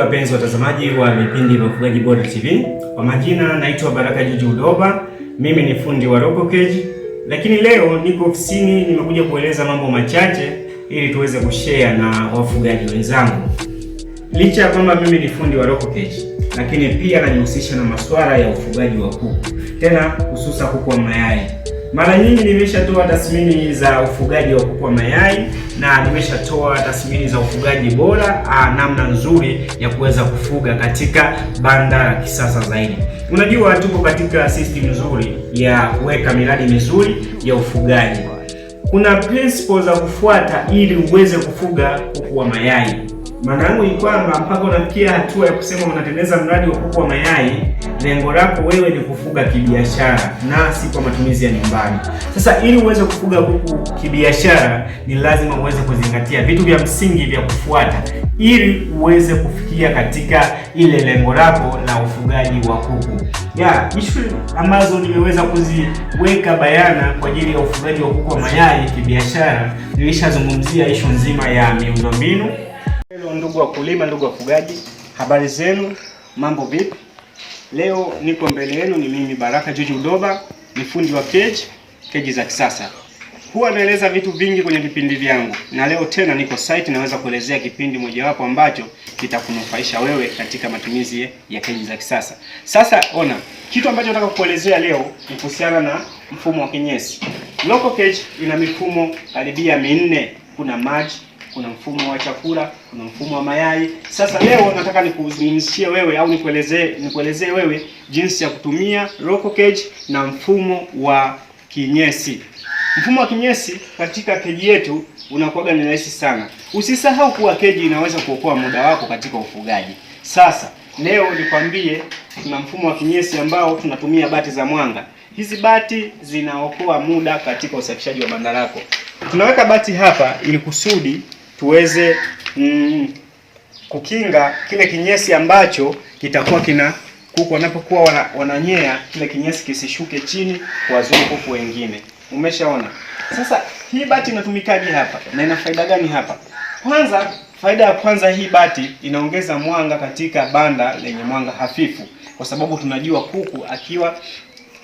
ndugu wapenzi watazamaji wa vipindi vya Ufugaji Bora TV. Kwa majina naitwa Baraka Juju Udoba, mimi ni fundi wa robo cage, lakini leo niko ofisini, nimekuja kueleza mambo machache ili tuweze kushare na wafugaji wenzangu. Licha ya kwamba mimi ni fundi wa robo cage, lakini pia najihusisha na masuala ya ufugaji wa kuku, tena hususa kuku wa mayai. Mara nyingi nimeshatoa tathmini za ufugaji wa kuku wa mayai na nimeshatoa tathmini za ufugaji bora, namna nzuri ya kuweza kufuga katika banda la kisasa zaidi. Unajua, tuko katika system nzuri ya kuweka miradi mizuri ya ufugaji. Kuna principle za kufuata ili uweze kufuga kuku wa mayai. Maana yangu ni kwamba mpaka unafikia hatua ya kusema unatengeneza mradi wa kuku wa mayai lengo lako wewe ni kufuga kibiashara na si kwa matumizi ya nyumbani. Sasa ili uweze kufuga kuku kibiashara, ni lazima uweze kuzingatia vitu vya msingi vya kufuata ili uweze kufikia katika ile lengo lako la ufugaji wa kuku. Ya ishu ambazo nimeweza kuziweka bayana kwa ajili ya ufugaji wa kuku wa mayai kibiashara, nilishazungumzia ishu nzima ya miundombinu. Hello ndugu wakulima, ndugu wafugaji, habari zenu, mambo vipi? Leo niko mbele yenu, ni mimi Baraka George Udoba, ni fundi wa keji, keji za kisasa. Huwa naeleza vitu vingi kwenye vipindi vyangu, na leo tena niko site, naweza kuelezea kipindi mojawapo ambacho kitakunufaisha wewe katika matumizi ya keji za kisasa. Sasa ona, kitu ambacho nataka kuelezea leo ni kuhusiana na mfumo wa kinyesi. Local cage ina mifumo karibia minne. Kuna maji kuna mfumo wa chakula, kuna mfumo wa mayai. Sasa leo nataka nikuzungumzie wewe au nikuelezee nikuelezee wewe jinsi ya kutumia local cage na mfumo wa kinyesi. Mfumo wa kinyesi katika keji yetu unakuwaga ni rahisi sana. Usisahau kuwa keji inaweza kuokoa muda wako katika ufugaji. Sasa leo nikwambie, tuna mfumo wa kinyesi ambao tunatumia bati za mwanga. Hizi bati zinaokoa muda katika usafishaji wa banda lako. Tunaweka bati hapa ili kusudi tuweze mm, kukinga kile kinyesi ambacho kitakuwa kina kuku wanapokuwa wana, wananyea kile kinyesi kisishuke chini kuwazuru kuku wengine. Umeshaona sasa, hii bati inatumikaje hapa na ina faida gani hapa? Kwanza, faida ya kwanza, hii bati inaongeza mwanga katika banda lenye mwanga hafifu, kwa sababu tunajua kuku akiwa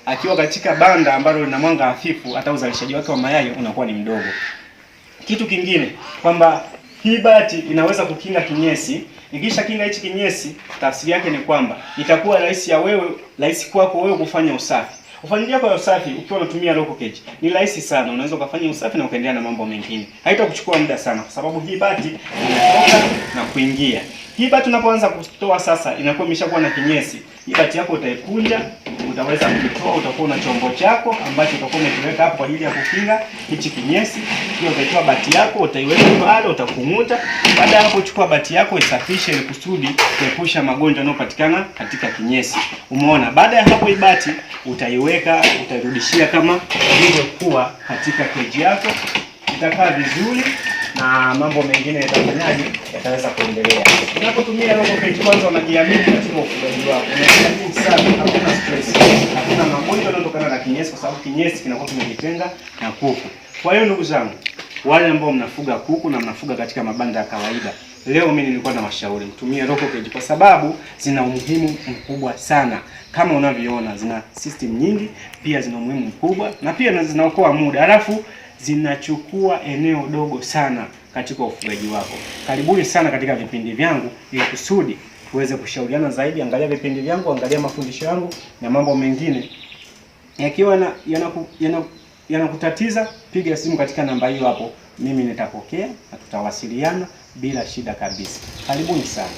akiwa katika banda ambalo lina mwanga hafifu, hata uzalishaji wake wa mayai unakuwa ni mdogo. Kitu kingine kwamba hii bati inaweza kukinga kinyesi. Ikisha kinga hichi kinyesi, tafsiri yake ni kwamba itakuwa rahisi ya wewe, rahisi kwako wewe kufanya usafi. Ufanyaji kwa usafi ukiwa unatumia local cage ni rahisi sana, unaweza ukafanya usafi na ukaendelea na mambo mengine. Haitakuchukua muda sana, kwa sababu hii bati inatoka na kuingia. Hii bati unapoanza kutoa sasa, inakuwa imeshakuwa na kinyesi. Hii bati yako utaikunja utaweza kutoa, utakuwa na chombo chako ambacho utakuwa umekiweka hapo kwa ajili ya kukinga hichi kinyesi. Hiyo utaitoa bati yako, utaiweka pale, utakung'uta. Baada ya hapo, chukua bati yako isafishe, ili kusudi kuepusha magonjwa yanayopatikana katika kinyesi. Umeona? Baada ya hapo, hii bati utaiweka, utairudishia kama ilivyokuwa katika keji yako, itakaa vizuri na mambo mengine yatafanyaje, yataweza kuendelea. Unapotumia logo page, kwanza unajiamini katika ufugaji wako, unaenda juu sana, hakuna stress, hakuna magonjwa yanayotokana na kinyesi, kwa sababu kinyesi kinakuwa kimejitenga na kuku. Kwa hiyo ndugu zangu, wale ambao mnafuga kuku na mnafuga katika mabanda ya kawaida Leo mimi nilikuwa na washauri mtumie local cage kwa sababu zina umuhimu mkubwa sana. Kama unavyoona zina system nyingi, pia zina umuhimu mkubwa na pia zinaokoa muda. Halafu zinachukua eneo dogo sana katika ufugaji wako. Karibuni sana katika vipindi vyangu ili kusudi tuweze kushauriana zaidi. Angalia vipindi vyangu, angalia mafundisho yangu na mambo mengine yakiwa yanakutatiza, yana, yanakutatiza, piga simu katika namba hiyo hapo, mimi nitapokea na tutawasiliana bila shida kabisa. Karibuni sana.